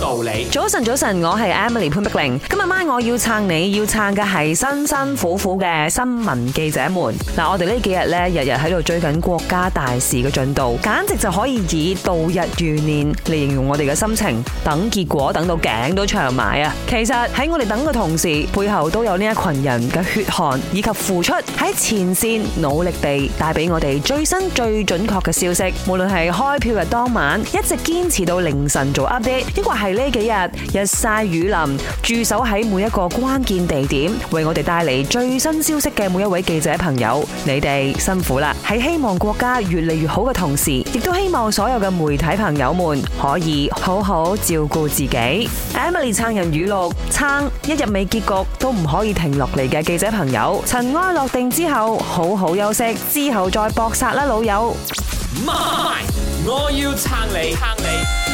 道理，早晨早晨，我係 Emily 潘碧玲。今日晚我要撐你，要撐嘅係辛辛苦苦嘅新聞記者們。嗱，我哋呢幾日咧，日日喺度追緊國家大事嘅進度，簡直就可以以度日如年嚟形容我哋嘅心情。等結果等到頸都長埋啊！其實喺我哋等嘅同時，背後都有呢一群人嘅血汗以及付出，喺前線努力地帶俾我哋最新最準確嘅消息。無論係開票嘅當晚，一直堅持到凌晨做 update，係。係呢幾日日曬雨淋，駐守喺每一個關鍵地點，為我哋帶嚟最新消息嘅每一位記者朋友，你哋辛苦啦！喺希望國家越嚟越好嘅同時，亦都希望所有嘅媒體朋友們可以好好照顧自己 em 撐。Emily 撐人語錄，撐一日未結局都唔可以停落嚟嘅記者朋友，塵埃落定之後，好好休息，之後再搏殺啦，老友。我要撐你，撐你。